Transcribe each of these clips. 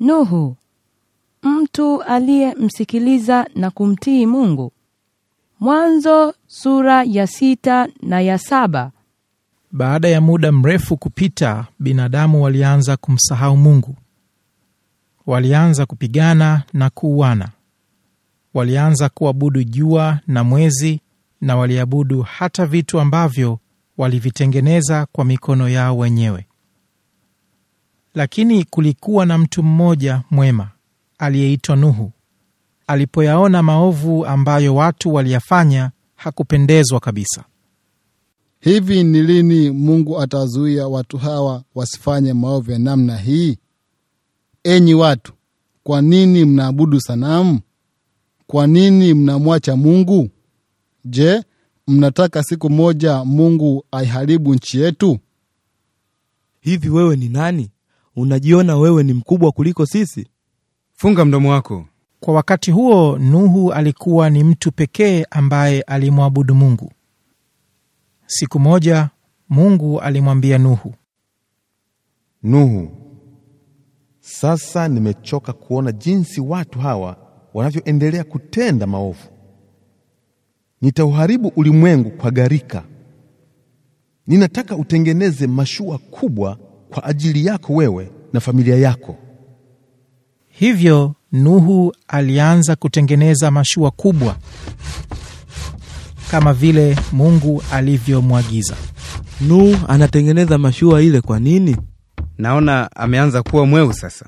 Nuhu, mtu aliyemsikiliza na kumtii Mungu. Mwanzo sura ya sita na ya saba. Baada ya muda mrefu kupita, binadamu walianza kumsahau Mungu. Walianza kupigana na kuuana. Walianza kuabudu jua na mwezi na waliabudu hata vitu ambavyo walivitengeneza kwa mikono yao wenyewe. Lakini kulikuwa na mtu mmoja mwema aliyeitwa Nuhu. Alipoyaona maovu ambayo watu waliyafanya, hakupendezwa kabisa. Hivi ni lini Mungu atazuia watu hawa wasifanye maovu ya namna hii? Enyi watu, kwa nini mnaabudu sanamu? Kwa nini mnamwacha Mungu? Je, mnataka siku moja Mungu aiharibu nchi yetu? Hivi wewe ni nani unajiona wewe ni mkubwa kuliko sisi? Funga mdomo wako. Kwa wakati huo Nuhu alikuwa ni mtu pekee ambaye alimwabudu Mungu. Siku moja Mungu alimwambia Nuhu, Nuhu, sasa nimechoka kuona jinsi watu hawa wanavyoendelea kutenda maovu. Nitauharibu ulimwengu kwa gharika. Ninataka utengeneze mashua kubwa kwa ajili yako wewe na familia yako. Hivyo Nuhu alianza kutengeneza mashua kubwa kama vile Mungu alivyomwagiza. Nuhu anatengeneza mashua ile kwa nini? Naona ameanza kuwa mweu sasa.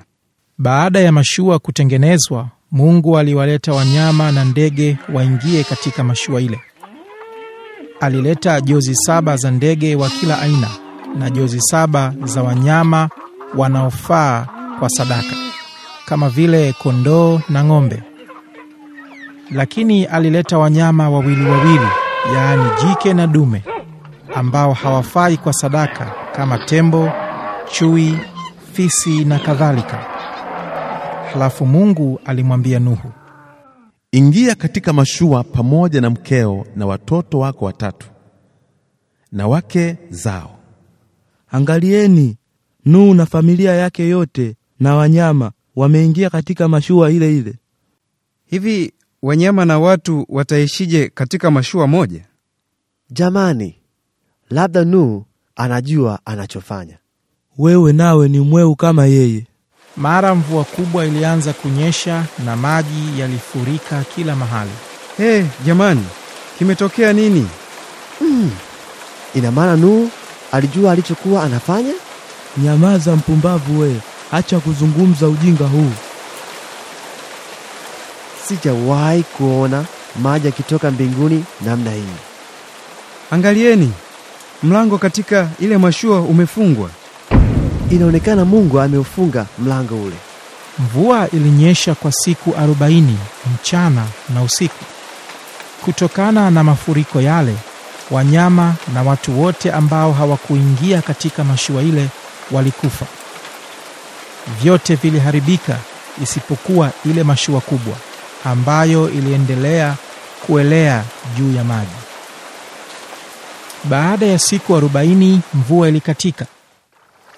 Baada ya mashua kutengenezwa, Mungu aliwaleta wanyama na ndege waingie katika mashua ile. Alileta jozi saba za ndege wa kila aina na jozi saba za wanyama wanaofaa kwa sadaka kama vile kondoo na ng'ombe. Lakini alileta wanyama wawili wawili, yaani jike na dume, ambao hawafai kwa sadaka kama tembo, chui, fisi na kadhalika. Halafu Mungu alimwambia Nuhu, ingia katika mashua pamoja na mkeo na watoto wako watatu na wake zao Angalieni, Nuhu na familia yake yote na wanyama wameingia katika mashua ile ile. Hivi wanyama na watu wataishije katika mashua moja? Jamani, labda Nuhu anajua anachofanya. Wewe nawe ni mweu kama yeye. Mara mvua kubwa ilianza kunyesha na maji yalifurika kila mahali. Hey, eh, jamani, kimetokea nini? Mm, ina maana Nuhu Alijua alichokuwa anafanya. Nyamaza mpumbavu we, acha kuzungumza ujinga huu. Sijawahi kuona maji yakitoka mbinguni namna hii. Angalieni, mlango katika ile mashua umefungwa. Inaonekana Mungu ameufunga mlango ule. Mvua ilinyesha kwa siku arobaini mchana na usiku. Kutokana na mafuriko yale wanyama na watu wote ambao hawakuingia katika mashua ile walikufa. Vyote viliharibika isipokuwa ile mashua kubwa ambayo iliendelea kuelea juu ya maji. Baada ya siku arobaini mvua ilikatika.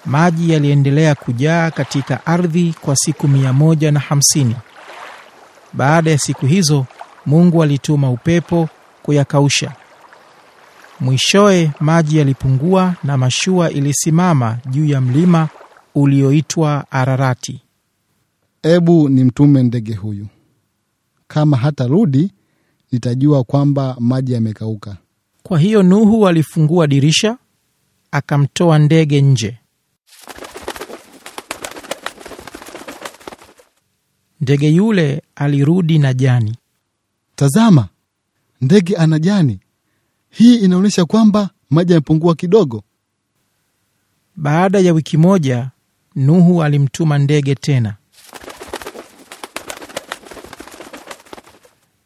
Maji yaliendelea kujaa katika ardhi kwa siku mia na hamsini. Baada ya siku hizo Mungu alituma upepo kuyakausha Mwishowe maji yalipungua na mashua ilisimama juu ya mlima ulioitwa Ararati. Ebu nimtume ndege huyu, kama hata rudi nitajua kwamba maji yamekauka. Kwa hiyo Nuhu alifungua dirisha akamtoa ndege nje. Ndege yule alirudi na jani. Tazama, ndege ana jani hii inaonyesha kwamba maji yamepungua kidogo. Baada ya wiki moja, Nuhu alimtuma ndege tena.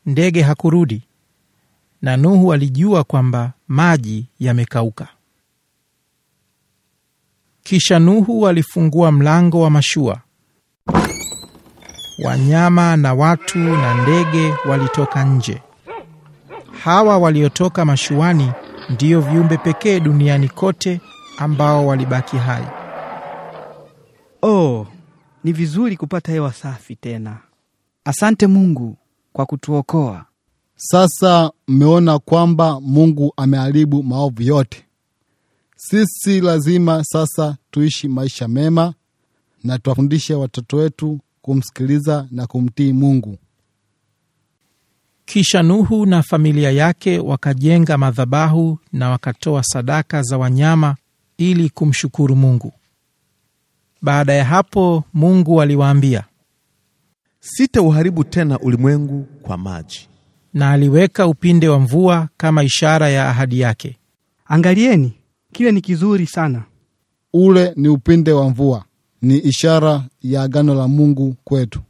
Ndege hakurudi na Nuhu alijua kwamba maji yamekauka. Kisha Nuhu alifungua mlango wa mashua. Wanyama na watu na ndege walitoka nje. Hawa waliotoka mashuani ndiyo viumbe pekee duniani kote ambao walibaki hai. Oh, ni vizuri kupata hewa safi tena. Asante Mungu kwa kutuokoa. Sasa mmeona kwamba Mungu ameharibu maovu yote. Sisi lazima sasa tuishi maisha mema na tuwafundishe watoto wetu kumsikiliza na kumtii Mungu. Kisha Nuhu na familia yake wakajenga madhabahu na wakatoa sadaka za wanyama ili kumshukuru Mungu. Baada ya hapo, Mungu aliwaambia, sitauharibu tena ulimwengu kwa maji. Na aliweka upinde wa mvua kama ishara ya ahadi yake. Angalieni, kile ni kizuri sana. Ule ni upinde wa mvua, ni ishara ya agano la Mungu kwetu.